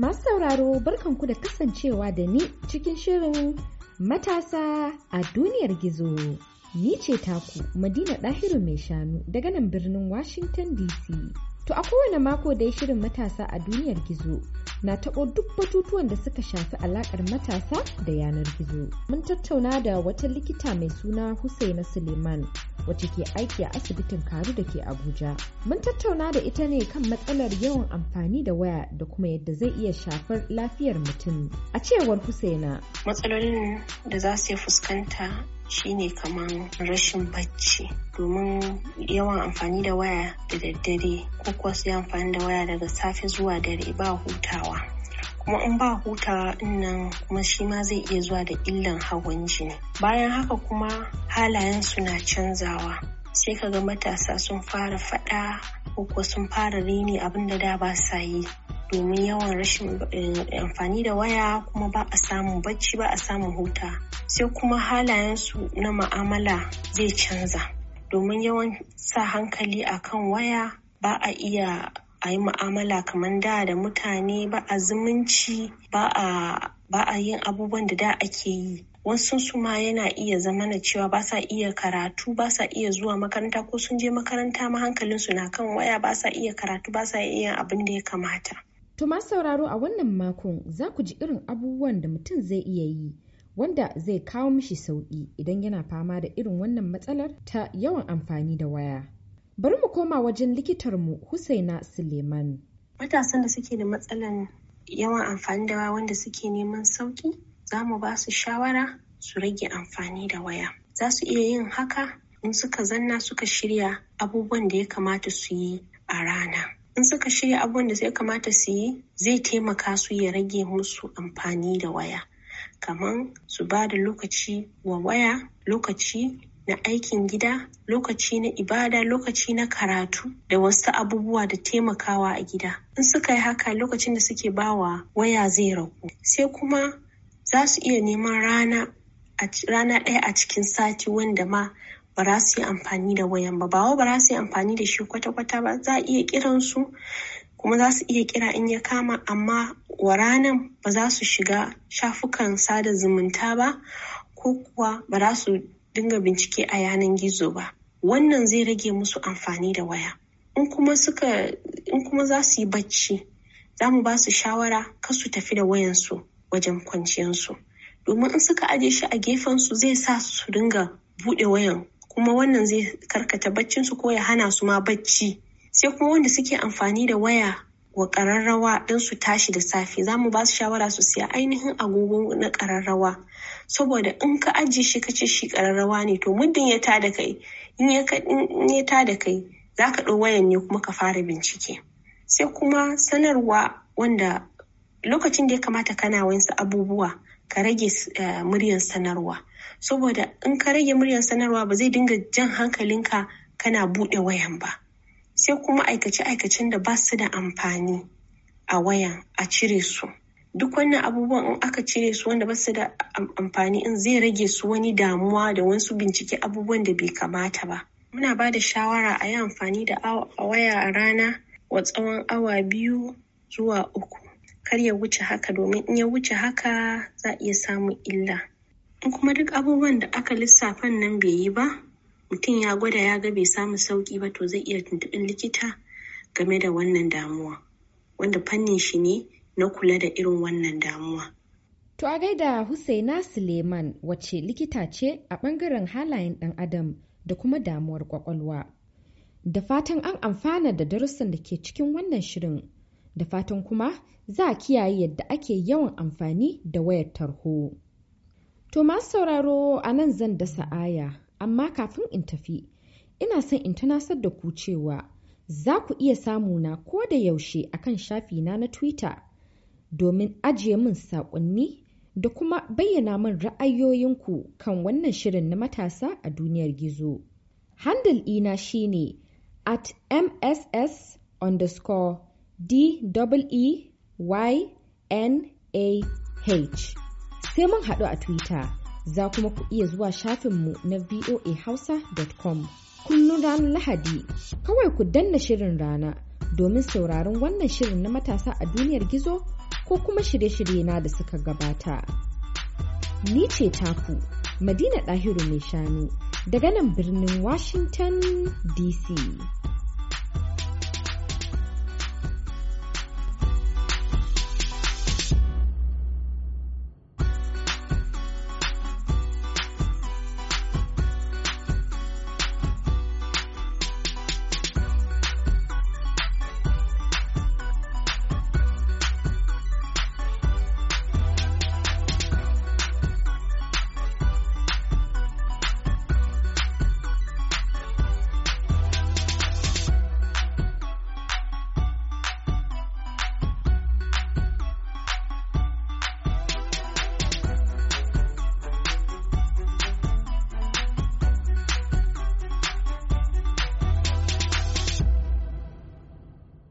Masu sauraro barkanku da kasancewa da ni cikin shirin matasa a duniyar gizo. Ni ce taku Madina Dahiru mai shanu daga nan birnin Washington DC. To a kowane mako da ya shirin matasa a duniyar gizo na taɓo duk batutuwan da suka shafi alaƙar matasa da yanar gizo. Mun tattauna da wata likita mai suna Husaina Suleiman wacce ke aiki a asibitin Karu da ke Abuja. Mun tattauna da ita ne kan matsalar yawan amfani da waya da kuma yadda zai iya shafar lafiyar mutum. A cewar Husaina. Matsalolin da za su fuskanta shine kaman rashin bacci domin yawan amfani da waya da daddare ko kuwa su amfani da waya daga safe zuwa dare ba hutawa kuma in ba hutawa nan kuma shi ma zai iya zuwa da illan hawan jini bayan haka kuma halayen su na canzawa sai ka ga matasa sun fara faɗa ko kuwa sun fara rini abin da da ba sa yi domin yawan rashin eh, amfani da waya kuma ba a samun bacci ba a samun huta sai kuma halayensu na ma'amala zai canza domin yawan sa hankali a kan waya ba a iya a yi ma'amala kamar da da mutane ba a zumunci ba a yin abubuwan da da ake yi wasu su ma yana iya zama na cewa ba sa iya karatu ba sa iya zuwa makaranta ko sun je makaranta ma hankalinsu na kan waya ba sa iya karatu ba sa iya abin da ya kamata To masu sauraro a wannan makon za ku ji irin abubuwan da mutum zai iya yi wanda zai kawo mishi sauƙi idan yana fama da irin wannan matsalar ta yawan amfani da waya. Bari mu koma wajen likitarmu Husaina Suleiman. Matasan da suke da matsalan yawan amfani da waya wanda suke neman sauƙi za mu ba su shawara su rage amfani da waya. Za su iya yin haka in suka zanna suka shirya abubuwan da ya kamata su yi a rana. in suka shirya abubuwan da sai kamata su yi zai taimaka su ya rage musu amfani da waya kamar su ba da lokaci wa waya lokaci na aikin gida lokaci na ibada lokaci na karatu da wasu abubuwa da taimakawa a gida in suka yi haka lokacin da suke bawa waya zai ragu sai kuma za su iya neman rana rana ɗaya a cikin sati wanda ma ba za su yi amfani da wayan ba bawo ba za su yi amfani da shi kwata-kwata ba za a iya kiran su kuma za su iya kira in ya kama amma waranan ba za su shiga shafukan sada zumunta ba ko kuwa ba za su dinga bincike a yanan gizo ba wannan zai rage musu amfani da waya in kuma suka in kuma za su yi bacci za mu ba su shawara kar su tafi da wayansu wajen kwanciyarsu domin in suka aje shi a gefen su zai sa su dinga buɗe wayan kuma wannan zai karkata baccinsu ko ya hana su ma bacci sai kuma wanda suke amfani da waya wa ƙararrawa don su tashi da safe za mu ba su shawara su siya ainihin agogo na ƙararrawa saboda in ka ajiye shi ka ce shi ƙararrawa ne to muddin ya tada kai in ya tada kai za ka ɗau wayan ne kuma ka fara bincike sai kuma sanarwa wanda lokacin da ya kamata kana wayansu abubuwa ka rage eh, muryan sanarwa saboda in ka rage muryan sanarwa ba zai dinga jan hankalinka kana buɗe wayan ba sai kuma aikace-aikacen da ba su da amfani a wayan a cire su duk wannan abubuwan in aka cire su wanda ba su da amfani in zai rage su wani damuwa da wasu bincike abubuwan da bai kamata ba muna ba da shawara a yi amfani da waya a rana wa tsawon awa biyu zuwa uku kar ya wuce haka domin in ya wuce haka za a iya samun illa in kuma duk abubuwan da aka lissafan nan bai yi ba mutum ya gwada ya ga bai samu sauki ba to zai iya tuntuɓin likita game da wannan damuwa wanda fannin shi ne na kula da irin wannan damuwa to a gaida husaina suleiman wacce likita ce a ɓangaren halayen ɗan adam da kuma damuwar ƙwaƙwalwa, da fatan an amfana da darussan da ke cikin wannan shirin Da fatan kuma za a kiyaye yadda ake yawan amfani da wayar tarho. To masu sauraro a nan zan dasa aya, amma kafin in tafi, ina son in tunasar da ku cewa za ku iya samuna ko da yaushe a kan shafina na Twitter domin ajiye min saƙonni da kuma bayyana min ra'ayoyinku kan wannan shirin na matasa a duniyar gizo. Handle ina shine at mss underscore D E Y N A H. Sai mun haɗu a Twitter, za kuma ku iya zuwa shafinmu na voahausa.com. Kullum ranar Lahadi, kawai ku danna shirin rana domin sauraron wannan shirin na matasa a duniyar gizo ko kuma shirye-shirye na da suka gabata. Ni ce taku, Madina Ɗahiru mai shanu, daga nan birnin Washington DC.